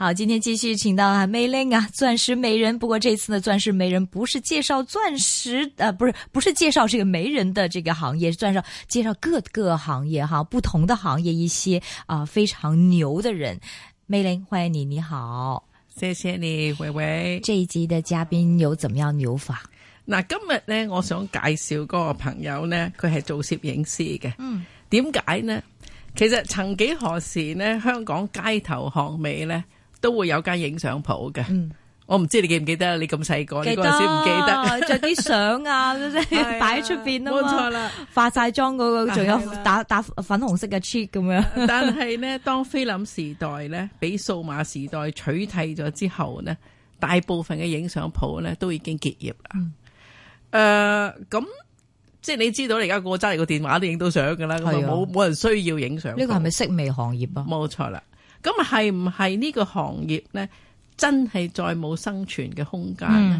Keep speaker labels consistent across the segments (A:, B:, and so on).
A: 好，今天繼續請到啊 Mayling 啊，鑽石媒人。不過這次呢，鑽石媒人不是介紹鑽石，啊，不是，不是介紹這個媒人的這個行業，是介紹介紹各個行業哈、啊，不同的行業一些啊非常牛的人。Mayling，歡迎你，你好，謝謝你，維維。這一集的嘉賓有怎麼樣牛法？
B: 嗱，今日呢，我想介紹嗰個朋友呢，佢係做攝影師嘅。嗯，點解呢？其實曾幾何時呢，香港街頭巷尾呢，都會有間影相鋪嘅，我唔知你記唔記得你咁細個，你嗰陣時唔記得，着啲
A: 相啊，即擺喺出邊啊，冇錯啦，化晒妝嗰個，仲有打打粉紅色嘅 cheek 咁樣。但係
B: 呢，當菲林時代咧，俾數碼時代取締咗之後呢，大部分嘅影相鋪咧都已經結業啦。誒，咁即係你知道，你而家個揸住個電話都影到相噶啦，咁啊冇冇人需要影相？呢個係咪
A: 息微行業啊？冇錯啦。
B: 咁係唔係呢個行業咧，真係再冇生存嘅空間咧？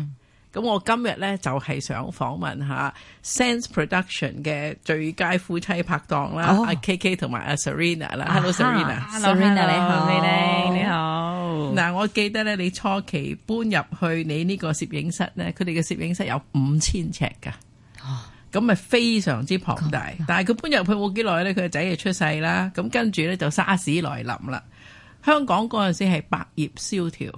B: 咁、嗯、我今日咧就係想訪問下 Sense Production 嘅最佳夫妻拍檔啦，阿、哦、KK 同埋阿 Serena 啦。Hello、啊、Serena，Hello Serena，Hello, 你好，你好。嗱，我記得咧，你初期搬入去你呢個攝影室咧，佢哋嘅攝影室有五千尺噶，咁咪、哦、非常之龐大。哦、但係佢搬入去冇幾耐咧，佢個仔就出世啦。咁跟住咧就沙士來臨啦。香港嗰陣時係百業蕭條，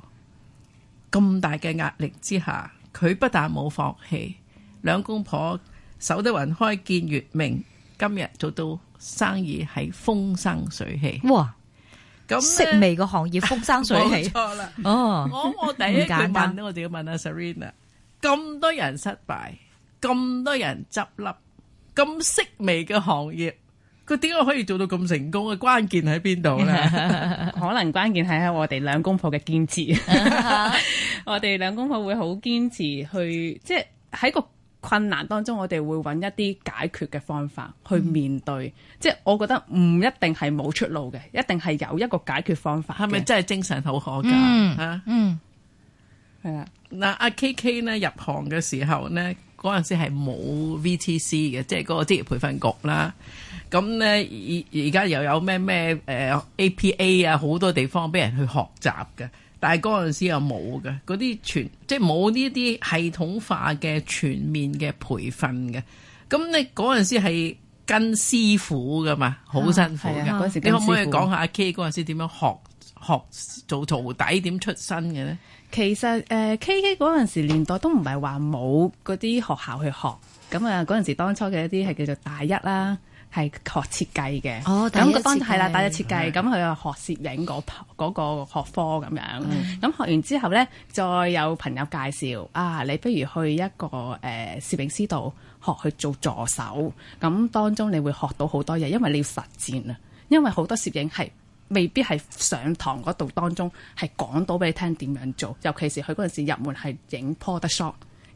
B: 咁大嘅壓力之下，佢不但冇放棄，兩公婆守得雲開見月明，今日做到生意係風生水起。哇！咁式微
A: 嘅行業風生水起，錯啦！哦，我我第一，你問咧，
B: 我就要問阿 Serena，咁多人失敗，咁多人執笠，咁式微嘅行業。佢點解可以做到咁成功嘅？關鍵喺邊度咧？ 可能關鍵係喺我哋兩公婆嘅堅持 。
C: 我哋兩公婆會好堅持去，即係喺個困難當中，我哋會搵一啲解決嘅方法去面對。
B: 嗯、即係我覺得唔一定係冇出路嘅，一定係有一個解決方法。係咪真係精神好可嘉啊、嗯？嗯，係啊。嗱的，阿、啊、K K 咧入行嘅時候呢，嗰陣時係冇 V T C 嘅，即係嗰個職業培訓局啦。咁咧，而而家又有咩咩誒 APA 啊，好多地方俾人去學習嘅。但係嗰陣時又冇嘅，嗰啲全即係冇呢啲系統化嘅全面嘅培訓嘅。咁你嗰陣時係跟師傅噶嘛，好辛苦嘅。啊、你可唔可以講下阿 K 嗰陣師時點樣學，學做徒弟點出身嘅咧？
C: 其實誒、呃、K K 嗰陣時年代都唔係話冇嗰啲學校去學。咁啊，嗰陣時當初嘅一啲係叫做大一啦。係學設計嘅，咁個、哦、班係啦，大咗設計，咁佢又學攝影嗰嗰個學科咁樣。咁、嗯、學完之後咧，再有朋友介紹啊，你不如去一個誒攝影師度學去做助手。咁當中你會學到好多嘢，因為你要實戰啊。因為好多攝影係未必係上堂嗰度當中係講到俾你聽點樣做，尤其是佢嗰陣時入門係影 Porter Shop。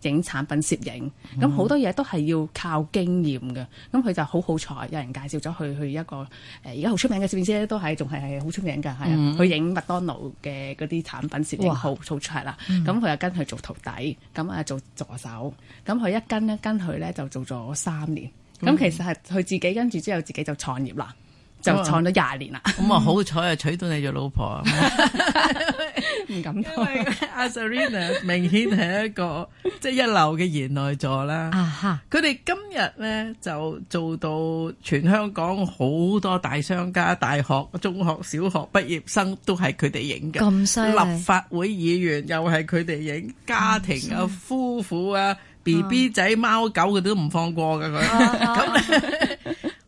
C: 影產品攝影，咁好、嗯、多嘢都係要靠經驗嘅。咁佢就好好彩，有人介紹咗佢去一個誒而家好出名嘅攝影師咧，都係仲係係好出名嘅，係啊、嗯，去影麥當勞嘅嗰啲產品攝影，哇，好好彩啦！咁佢又跟佢做徒弟，咁啊做助手，咁佢一跟一跟佢咧就做咗三年。咁、嗯、其實係佢自己跟住之後，自己
B: 就創業啦。就創咗廿年啦，咁啊好彩啊娶到你做老婆，啊。唔敢，因為阿 Serina 明顯係一個即係一流嘅賢內助啦。啊哈！佢哋今日咧就做到全香港好多大商家、大學、中學、小學畢業生都係佢哋影嘅，咁犀利！立法會議員又係佢哋影，家庭啊、夫婦啊、B B 仔、貓狗佢都唔放過嘅佢。咁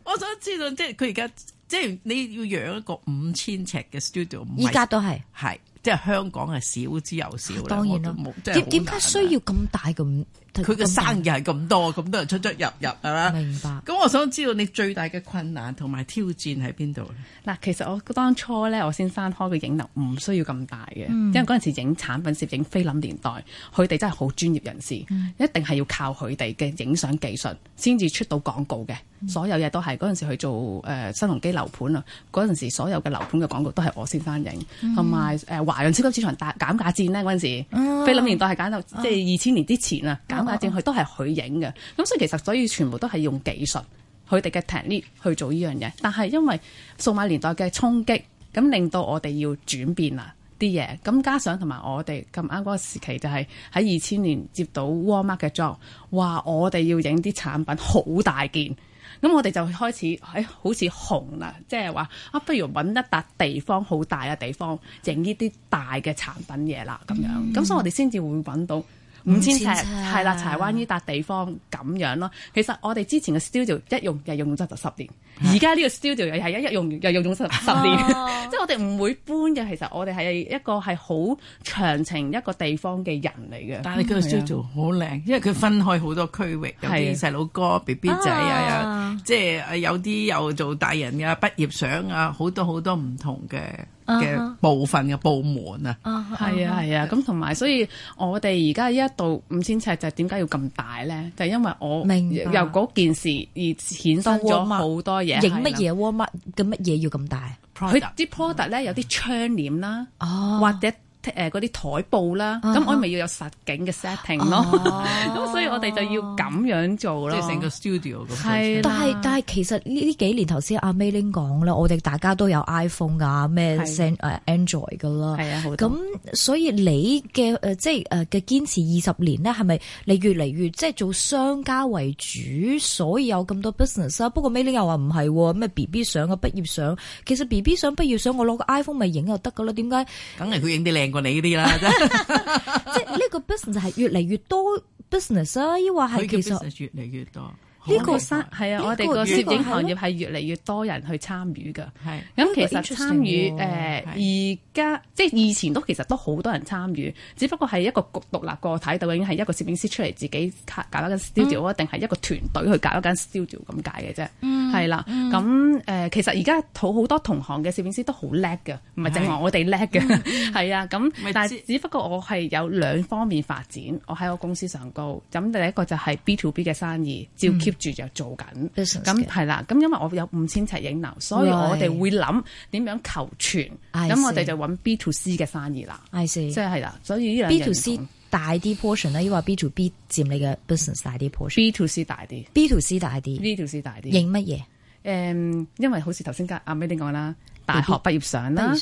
B: 我想知道，即係佢而家。即係你要養一個五千尺嘅 studio，而家都係，係，即係香港係少之又少啦，啊。當然啦，點點解需
A: 要咁大咁？
B: 佢嘅生意係咁多，咁多人出出入入，係嘛？明白。咁我想知道你最大嘅困難同埋挑戰喺邊度咧？嗱，其實我當初咧，我先生開個影樓，唔需要咁
C: 大嘅。嗯、因為嗰陣時影產品攝影菲林年代，佢哋真係好專業人士，嗯、一定係要靠佢哋嘅影相技術先至出到廣告嘅。嗯、所有嘢都係嗰陣時去做誒新鴻基樓盤啊，嗰陣時所有嘅樓盤嘅廣告都係我先生影，同埋誒華潤超級市場大減價戰咧嗰陣時，菲、哦、林年代係減到即係二千年之前啊、哦嗯正佢、哦哦哦哦、都係佢影嘅，咁所以其實所以全部都係用技術，佢哋嘅 technique 去做呢樣嘢。但係因為數碼年代嘅衝擊，咁令到我哋要轉變啦啲嘢。咁加上同埋我哋咁啱嗰個時期，就係喺二千年接到 Walmart 嘅 job，話我哋要影啲產品好大件。咁我哋就開始喺、哎、好似紅啦，即係話啊，不如揾一笪地方好大嘅地方影呢啲大嘅產品嘢啦，咁樣。咁、嗯嗯、所以我哋先至會揾到。五千尺係啦，柴灣呢笪地方咁樣咯。其實我哋之前嘅 studio 一用就用咗就十年，而家呢個 studio 又係一一用又用咗十十年，即係、啊、 我哋唔會搬嘅。其實我哋係一個係好長情一個地方嘅人嚟嘅。但係佢個 studio 好靚、嗯，
B: 嗯、因為佢分開好多區域，的有啲細佬哥、BB 仔啊，即係有啲又做大人嘅畢業相啊，好多好多唔同嘅。嘅部分嘅、uh huh. 部門啊，
C: 係啊係啊，咁同埋，所以我哋而家依一度五千尺就點解要咁大咧？就係、因為我由嗰件事而衍生咗好多嘢，影乜嘢
A: 蝸乜嘅乜嘢要咁大？佢啲 product 咧，有啲窗簾啦，
C: 哦、或者。誒嗰啲台布啦，咁我咪要有實景嘅 setting 咯，咁、啊、 所以我哋就要咁樣做咯，即係成個 studio 咁。係的，但係
A: 但係其實呢呢幾年頭先阿 Mayling 講啦，我哋大家都有 iPhone 啊咩誒 Android 噶啦，咁所以你嘅誒、呃、即係誒嘅堅持二十年咧，係咪你越嚟越即係、就是、做商家為主，所以有咁多 business 啊？不過 Mayling 又話唔係喎，咩 BB 相啊畢業相，其實 BB 相畢業相我攞個 iPhone 咪影又得噶啦，點解？梗係佢影啲靚。你呢啲啦， 即係呢個 business 係越嚟越多 business 啊，抑或係其實越嚟越多。呢個生係啊！我哋個攝影行業係
C: 越嚟越多人去參與㗎。係咁，其實參與誒而家即係以前都其實都好多人參與，只不過係一個獨立個體，究竟係一個攝影師出嚟自己搞一間 studio 定係一個團隊去搞一間 studio 咁解嘅啫。嗯，係啦。咁誒，其實而家好好多同行嘅攝影師都好叻㗎，唔係淨係我哋叻㗎。係啊。咁，但係只不過我係有兩方面發展，我喺我公司上高。咁第一個就係 B to B 嘅生意，照 keep 住就做緊，咁係啦，咁因為我有五千尺影樓，所以我哋會諗點樣求全。咁我哋就揾 B to C 嘅
A: 生意啦。I see，即係啦，所以呢 B to C 大啲 portion 咧，抑或 B to B 佔你嘅 business 大啲 portion？B to C 大啲，B to C 大啲，B
C: to C 大啲。影乜嘢？誒，因為好似頭先阿 May 你講啦，大學
A: 畢業相啦。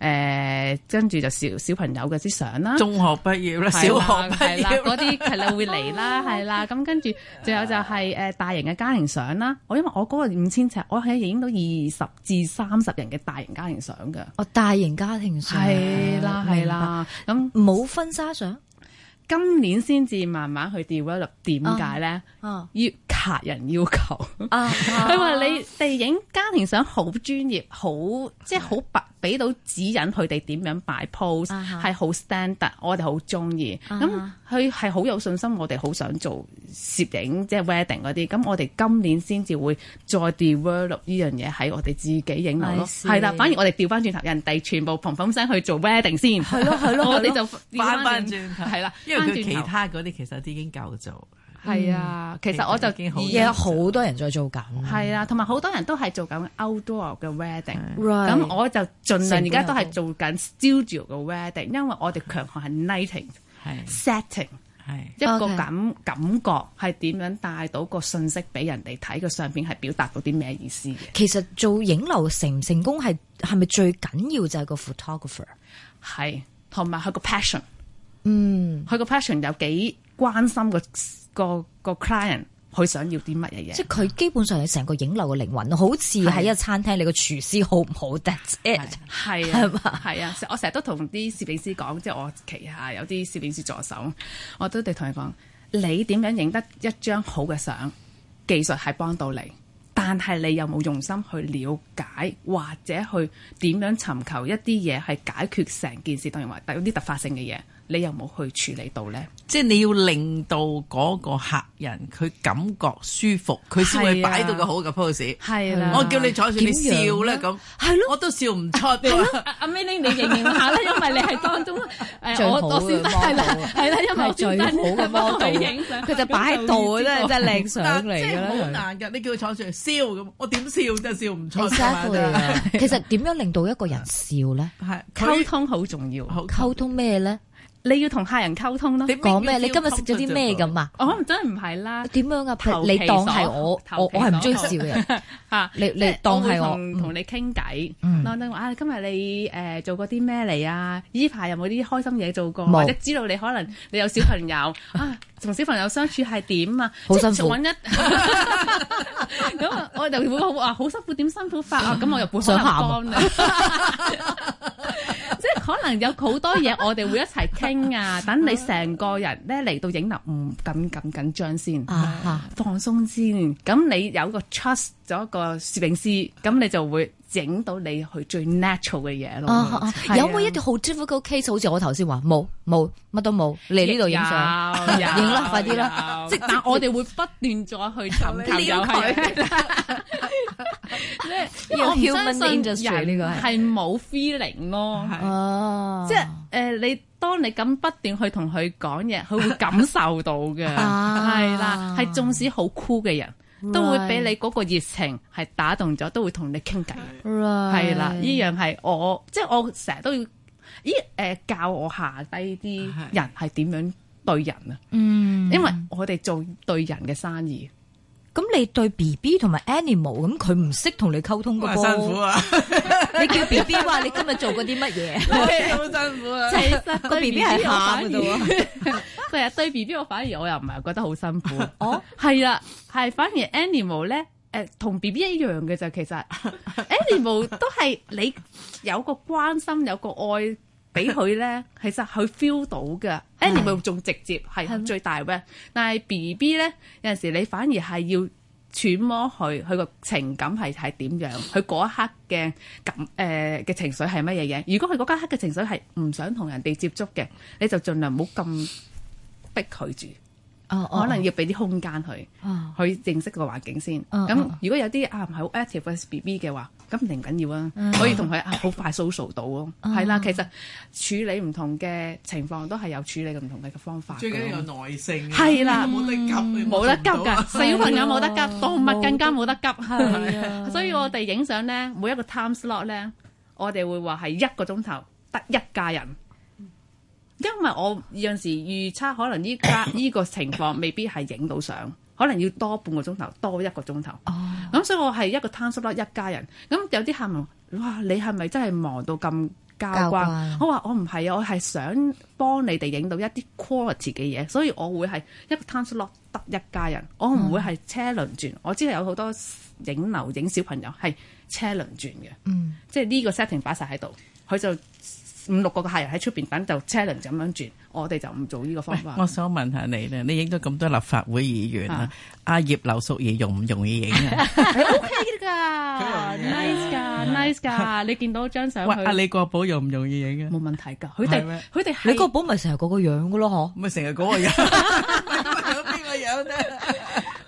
A: 誒，跟
C: 住、嗯、就小小朋友嘅啲相啦，中學畢業啦，小學畢業嗰啲係啦會嚟啦，係啦、啊，咁、哦啊、跟住，仲有就係誒大型嘅家庭相啦。我因為我嗰個五千尺，我係影到二十至三十人嘅大型家庭相㗎。哦，
A: 大型家庭相，係啦係啦，
C: 咁冇婚紗相，今年先至慢慢去 develop。點解咧？啊，要客人要求啊，佢、啊、話 你哋影家庭相好專業，好即係好白。俾到指引佢哋點樣擺 pose，係好、uh huh. standard，我哋好中意。咁佢係好有信心，我哋好想做攝影，即係 wedding 嗰啲。咁我哋今年先至會再 develop 呢樣嘢喺我哋自己影樓咯。係啦、uh huh.，反而我哋調翻轉頭，人哋全部砰砰聲去做 wedding 先。係咯， 係咯，我哋就
B: 翻翻轉頭，係啦。因為佢其他嗰啲其實已經夠做。
A: 係啊，其實我就見好嘢，有好多人在做緊。係
C: 啊，同埋好多人都係做緊 outdoor 嘅 wedding。咁、啊、我就盡量而家都係做緊 studio 嘅 wedding，因為我哋強項係 lighting、setting，一個感 okay. 感覺係點樣帶到個信息俾人哋睇佢上面係表達到啲咩意思。
A: 其實做影樓成唔成功係係咪最緊要就係個 photographer？係同埋佢、啊、個 passion，嗯，佢
C: 個 passion 有幾？
A: 關心個
C: 個個 client 佢想要啲乜嘢嘢，即係
A: 佢基本上係成個影樓嘅靈魂，好似喺一餐廳，是的 你個廚師好唔好 That's it？係
C: 啊的，係嘛吧？係啊，我成日都同啲攝影師講，即係我旗下有啲攝影師助手，
A: 我都哋同佢講，你
C: 點樣影得一張好嘅相？技術係幫到你，但係你有冇用心去了解或者去點樣尋求一啲嘢係解決成件事，當然話有啲突發性嘅嘢。你有冇去
B: 處理到咧？即係你要令到嗰個客人佢感覺舒服，佢先會擺到個好嘅 pose。係啦，我叫你坐住，你笑咧咁。係咯，我都笑唔出。阿 Mayling，
C: 你認認下啦，因為你係
B: 當
A: 中誒，我笑得係啦，係啦，因為我先係最好嘅 pose。佢就擺喺度咧，真係靚相嚟，好難
B: 㗎！你叫佢坐住笑咁，我點笑就笑唔出。
A: 其實點樣令到一個人笑
B: 咧？
A: 溝通好重要。溝通咩咧？你要同客人溝通咯，講咩？你今日食咗啲咩咁嘛？我可能真係唔係啦。點樣啊？你當係我，我我係唔中意笑嘅人嚇。你你
C: 當係我同你傾偈，等等話，今日你誒做過啲咩嚟啊？依排有冇啲開心嘢做過？冇。或者知道你可能你有小朋友啊，同小朋友相處係點啊？好辛苦。揾一咁啊，我就會話好辛苦，點辛苦法啊？咁我又本想喊 可能有好多嘢我哋會一齊傾啊， 等你成個人咧嚟到影樓唔緊咁緊張先緊緊緊緊，啊， 放鬆先。咁 你有一個 trust 咗一個攝影師，咁你就會。整到你去最 natural 嘅嘢咯，有冇一
A: 啲好 difficult case？好似我頭先話冇冇乜都冇嚟呢度影相，影啦快啲啦！即但我哋會
C: 不斷再去探討佢，因為 human i 呢個係冇 feeling 咯，哦！即係誒你當你咁不斷去同佢講嘢，佢會感受到嘅，
A: 係啦，係
C: 縱使好 cool 嘅人。都會俾你嗰個熱情係打動咗，都會同你傾偈，
A: 係啦 Right.，依樣係
C: 我，即係我成日都要，咦誒、呃、教我下低啲人
A: 係點樣對人啊，嗯
C: ，Right. 因為我哋
A: 做對人嘅生意。咁、嗯、你對 B B 同埋 Animal 咁，佢唔識同你溝通嘅，好辛， 辛苦啊！你叫 B B 話你今日做過啲乜嘢，好 辛苦啊、哦呃！其實對 B B 係喊嘅啫，
C: 成日對 B B 我反而我又唔係覺得好辛苦。哦，係啊，係反而 Animal 咧，誒同 B B 一樣嘅就其實 Animal 都係你有個關心，有個愛。俾佢咧，其實佢 feel 到嘅，誒你咪仲直接，係最大嘅。嗎但係 BB 咧，有陣時你反而係要揣摩佢，佢個情感係係點樣，佢嗰一刻嘅感誒嘅情緒係乜嘢嘅。如果佢嗰刻嘅情緒係唔想同人哋接觸嘅，你就盡量唔好咁逼佢住。哦，可能要俾啲空間佢，去認識個環境先。咁如果有啲啊唔係好 active 嘅 BB 嘅話，咁唔緊要啊，可以同佢好快 social 到咯。係啦，其實處理唔同嘅情況都係有處理嘅唔同嘅方法。最緊要有
B: 耐性。係啦，冇得急，
C: 冇、嗯、得急㗎。小朋友冇得急，動物更加冇得急。所以我哋影相咧，每一個 time slot 咧，我哋會話係一個鐘頭得一家人。因為我有陣時預測，可能依家呢個情況未必係影到相， 可能要多半個鐘頭，多一個鐘頭。哦、oh. 嗯，咁所以我係一個 time slot 一家人。咁、嗯、有啲客人話哇，你係咪真係忙到咁交關？我話：我唔係啊，我係想幫你哋影到一啲 quality 嘅嘢，所以我會係一個 time slot 得一家人。我唔會係車輪轉。我知道有好多影樓、影小朋友係車輪轉嘅。嗯、mm.，即係呢個 setting 擺晒喺度，佢就，五六個客人喺出邊等，就車輪咁樣轉，我哋就唔做呢個方法。我
B: 想問下你咧，你影咗咁多立法會議員啊？阿葉劉淑儀容唔容易影啊
C: ？OK 噶，nice 噶，nice 噶。你見到張相？喂，阿李
A: 國寶容唔容易影啊？冇問題噶，佢哋佢哋，李國寶咪成日嗰個樣噶咯？嗬？咪成日嗰個樣？
C: 邊個樣咧？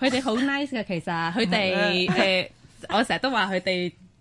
C: 佢哋好 nice 噶，其實佢哋誒，我成日都話佢哋。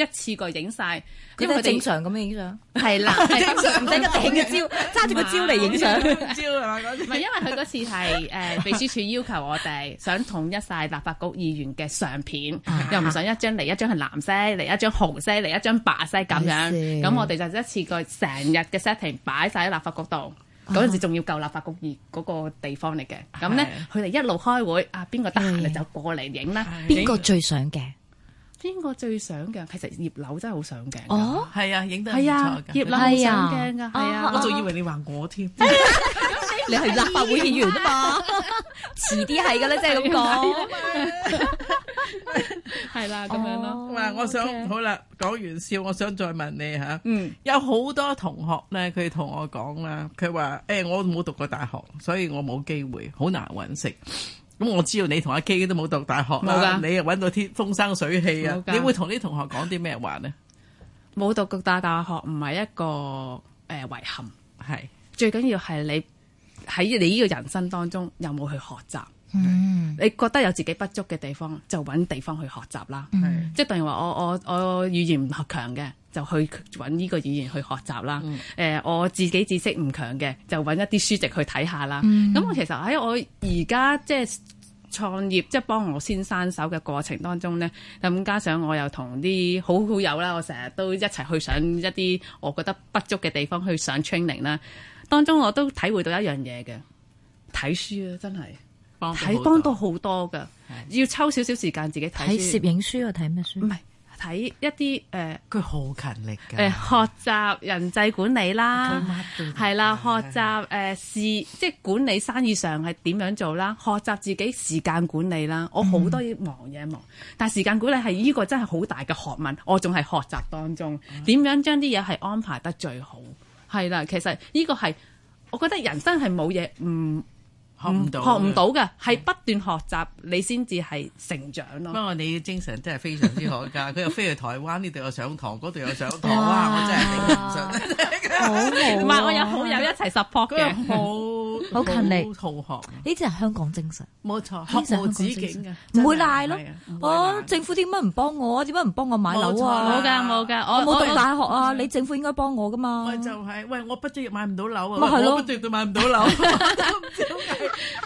C: 一次過影晒，
A: 因為佢正常咁樣影相，係啦，正常整個頂嘅
C: 招，揸住個招嚟影相。招唔係，因為佢嗰次係誒秘書處要求我哋想統一晒立法局議員嘅相片，又唔想一張嚟一張係藍色，嚟一張紅色，嚟一張白色咁樣。咁我哋就一次過成日嘅 setting 擺晒喺立法局度。嗰陣時仲要舊立法局議嗰個地方嚟嘅。咁咧，佢哋一路開會啊，邊個得閒就過嚟影啦。邊個
A: 最想嘅？
C: 邊個最上鏡？其實葉劉真
A: 係好上鏡。哦，係啊，影得唔錯。葉劉好上鏡噶，係啊。我仲以為你
C: 話我
B: 添，你係立法會議員啊嘛？遲啲係噶啦，即係咁講。係啦，咁樣咯。嗱，我想好啦，講完笑，我想再問你吓。嗯，有好多同學咧，佢同我講啦，佢話：誒，我冇讀過大學，所以我冇機會，好難搵食。咁我知道你同阿 K 都冇讀大學冇啦，你又搵到天風生水起啊！你會同啲同學講啲咩話
C: 呢？冇讀個大大學唔係一個誒遺憾，係是最緊要係你喺你呢個人生當中有冇去學習。嗯，mm hmm. 你覺得有自己不足嘅地方，就揾地方去學習啦。Mm hmm. 即係譬如話，我我我語言唔強嘅，就去揾呢個語言去學習啦。誒、mm hmm. 呃，我自己知識唔強嘅，就揾一啲書籍去睇下啦。咁、mm hmm. 我其實喺我而
B: 家即係創
C: 業，即係幫我先新手嘅過程當中呢，咁加上我又同啲好，好友啦，我成日都一齊去上一啲我覺得不足嘅地方去上 training 啦。當中我都體會到一樣嘢嘅，睇書啊，真係～睇幫到好多㗎，多的要抽少少時間自己睇攝
A: 影書啊，睇咩書？唔係
C: 睇一啲誒，
A: 佢、呃、好勤力嘅。誒、呃，
C: 學習人際管理啦，
B: 係
C: 啦， 學習誒事、呃，即係管理生意上係點樣做啦，學習自己時間管理啦。我好多嘢忙嘢忙，嗯、但係時間管理係呢個真係好大嘅學問，我仲係學習當中，點樣將啲嘢係安排得最好係啦。其實呢個係我覺得人生係冇嘢唔嗯學唔到、嗯，學唔到嘅，係不斷學習，對
B: 你先至係成長咯。不過你精神真係非常之可嘉，佢 又飛去台灣呢度又上堂，嗰度又上堂，啊、哇！我真係頂唔順。 好唔係、啊、我有好友一齊
A: support 好。 好勤力，
B: 同學，
A: 呢啲係香港精神，冇錯，學無止境嘅，唔會賴咯。哦，政府點解唔幫我？點解唔幫我買樓啊？冇㗎，冇㗎，我冇讀大學啊！你政府應該幫我噶嘛？喂，就係喂，我畢咗業買唔到樓啊！係
B: 囉，我畢咗業都買唔到樓，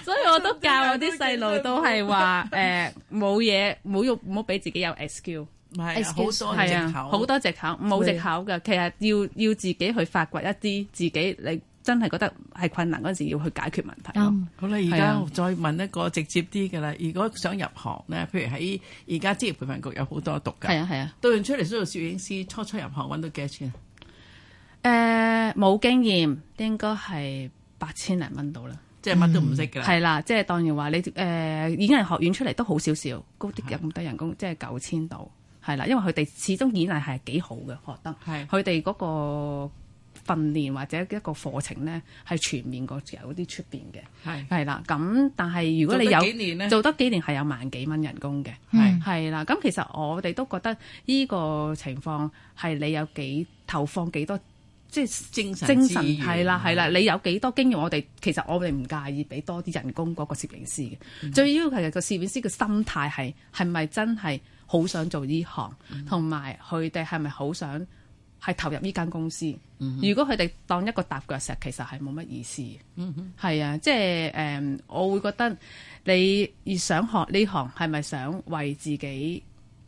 C: 所以我都教我啲細路都係話，誒，冇嘢，冇用，唔好俾自己有 SQ，係啊，好多藉口，好多藉口，冇藉口噶。其實要要自己去發掘一啲自己你。真係覺
B: 得係困難嗰陣時，要去解決問題咯。嗯、好啦，而家再問一個、啊、直接啲嘅啦。如果想入行咧，譬如喺而家職業培訓局有好多讀嘅，係啊，係啊，讀完、啊、出嚟做攝影師，初初入行揾到幾多錢？
C: 誒、呃，冇經驗應該係八千零蚊到啦。即係乜都唔識嘅。係、呃、啦，即係當然話你誒，已經係演藝學院出嚟都好少少，高啲有冇人工？啊、即係九千到，係啦、啊，因為佢哋始終演藝係幾好嘅學得，係佢哋嗰個。訓練或者一個課程咧，係全面個有啲出面嘅，係係啦。咁但係如果你有做得幾年係有萬幾蚊人工嘅，係係啦。咁其實我哋都覺得呢個情況係你有幾投放幾多，即係精
B: 神精神係啦
C: 係啦。你有幾多經驗我哋，其實我哋唔介意俾多啲人工嗰個攝影師嘅。嗯、最要其實嘅攝影師嘅心態係係咪真係好想做呢行，同埋佢哋係咪好想？係投入呢間公司。嗯、哼如果佢哋當一個踏腳石，其實係冇乜意思。係啊、嗯哼，即係誒、呃，我會覺得你越想學呢行，係咪想為自己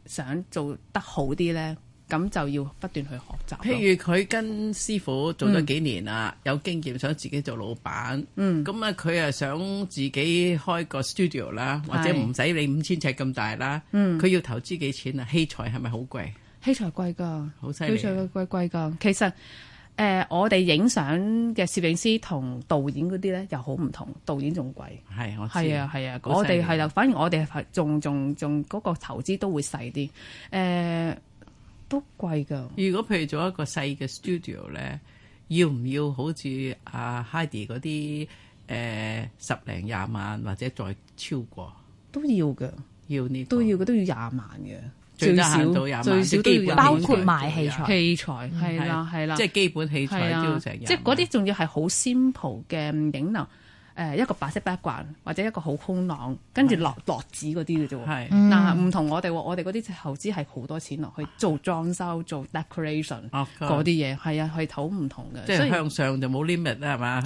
C: 想做得好啲呢？咁就要不斷去學習。譬如
B: 佢跟師傅做咗幾年啦，嗯、有經驗，想自己做老闆。咁啊、嗯，佢又想自己開個 studio 啦、嗯，或者唔使你五千尺咁大啦。佢要投資幾錢啊？器材係咪好貴？
C: 器材貴噶，器材貴貴貴噶。其實誒、呃，我哋影相嘅攝影師同導演嗰啲咧又好唔同，導演仲貴。
B: 係我係啊係啊，啊，我哋係
C: 啦。反而我哋係仲仲仲嗰個投資都會細啲。誒、呃、都貴噶。
B: 如果譬如做一個細嘅 studio 咧、啊，要唔要好似阿 Heidi 嗰啲誒十零廿萬或者再超過
C: 都要嘅？要呢、呢個、都要嘅都要廿萬嘅。最，最少都有，最少都要包括埋器材，器材係啦係啦，即係啦啦基本器材即係嗰啲仲要係好 simple 嘅影能。誒一個白色 background，或者一個好空朗，跟住落落紙嗰啲嘅啫喎。係，嗱唔同我哋喎，我哋嗰啲投資係好多錢落去做裝修、
A: 做 decoration 嗰啲嘢。係啊，係好唔同嘅。即係向
B: 上就冇 limit 啦，係嘛？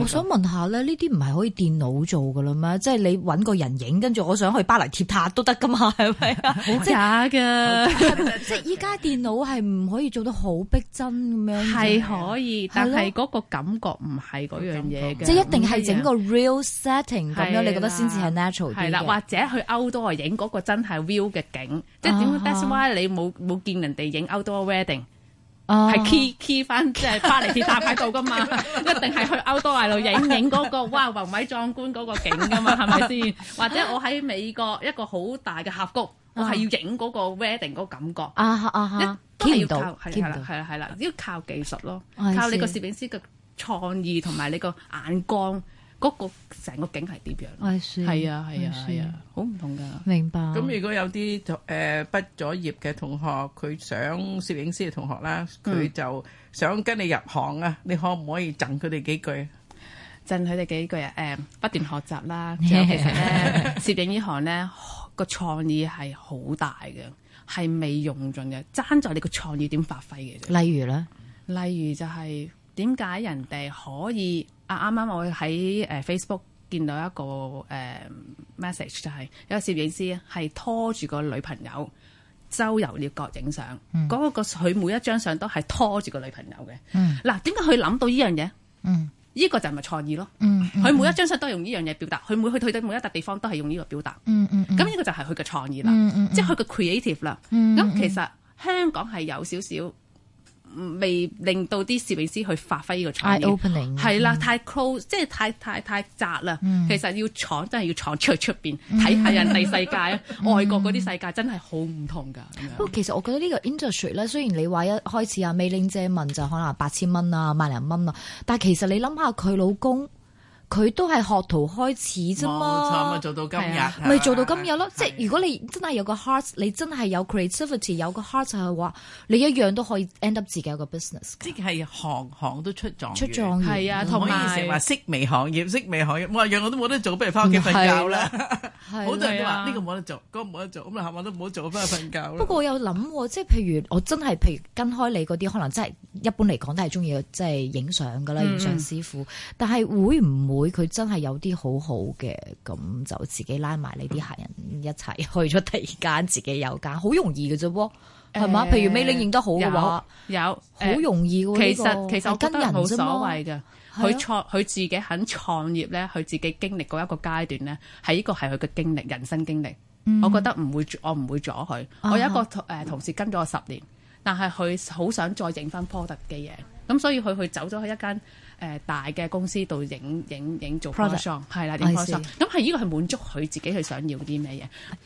A: 我想問下咧，呢啲唔係可以電腦做㗎啦嘛？即係你揾個人影，跟住我想去巴黎鐵塔都得㗎嘛？係咪啊？好假㗎！即係依家電腦係唔可以做到好逼真咁樣？係可以，但係嗰個感覺唔
C: 係嗰樣嘢嘅。即一定係。整個
A: real setting 咁樣，你覺得先至係 natural 啲啦，或
C: 者去 outdoor 影嗰個真係 view 嘅景，即係點？That's why 你冇冇見人哋影 outdoor wedding，係 key key 翻即係巴黎鐵塔喺度噶嘛？一定係去 outdoor 度影影嗰個哇宏偉壯觀嗰個景噶嘛？係咪先？或者我喺美國一個好大嘅峽谷，我係要影嗰個 wedding 嗰個感覺。
A: 啊啊都要靠係啦係
C: 啦係啦，要靠技術咯，靠你個攝影師嘅。創意同埋你個眼光，嗰、那個成個景係點樣？係啊係啊係啊，好唔同噶。明白。咁
B: 如果有啲誒畢咗業嘅同學，佢想攝影師嘅同學啦，佢、嗯、就想跟你入行啊，你可唔可以贈佢哋幾句？
C: 贈佢哋幾句誒、啊嗯，不斷學習啦。因為其實咧，攝 影行呢行咧個創意係好大嘅，係未用盡嘅，爭在你個創意點發揮嘅。例
A: 如咧，
C: 例如就係、是。點解人哋可以？啊，啱啱我喺誒 Facebook 見到一個誒 message，就係有個攝影師啊，係拖住個女朋友周遊列國影相。嗰個佢每一張相都係拖住個女朋友嘅。嗱，點解佢諗到呢樣嘢？呢個就係咪創意咯？佢每一張相都係用呢樣嘢表達，佢每去到每一笪地方都係用呢個表達。咁呢個就係佢嘅創意啦，即係佢嘅 creative 啦。咁其實香港係有少少，未令到啲攝影師去發揮呢個創意，係啦開的，太 close，即係太太太窄啦。嗯、其實要闖真係要闖出去出邊，睇下、嗯、人哋世界，嗯、外國嗰啲世界真係好唔同㗎。不
A: 過、嗯、其實我覺得呢個 industry 咧，雖然你話一開始阿 Mayling 姐問就可能八千蚊啊，萬零蚊啊，但係其實你諗下佢老公。佢都係學徒開始啫嘛，冇錯，咪做到今日，咪做到今日咯。即係如果你真係有個 heart，你真係有 creativity，有個 heart 嘅話，你一樣都可以 end up 自己有個 business。即係行行都出狀元，出狀元，係啊，同埋，唔好意思，話
B: 色美行業，色美行業，我話樣我都冇得做，不如翻屋企瞓覺啦。好多人都話呢個冇得做，嗰個冇得做，咁啊下午都唔好做，翻去瞓覺。不過我
A: 有諗，即係譬如我真係，譬如跟開你嗰啲，可能真係一般嚟講都係中意，即係影相㗎啦，影相師傅，但係會唔會？會佢真係有啲好好嘅，咁就自己拉埋你啲客人一齊去咗第二間，自己有間，好容易嘅啫噃，係嘛？欸、譬如美玲影得好嘅話，有好、欸、容易嘅、啊。其實其實我跟人冇所謂嘅，佢
C: 創佢自己肯創業咧，佢自己經歷過一個階段咧，係呢、啊、個係佢嘅經歷，人生經歷。嗯、我覺得唔會，我唔會阻佢。嗯、我有一個誒同事跟咗我十年，但係佢好想再整翻波特嘅嘢，咁所以佢去走咗去一間。誒、呃、大嘅公司度影影影做 production 係啦，影 production 咁係呢個係滿足佢自己去想要啲咩嘢。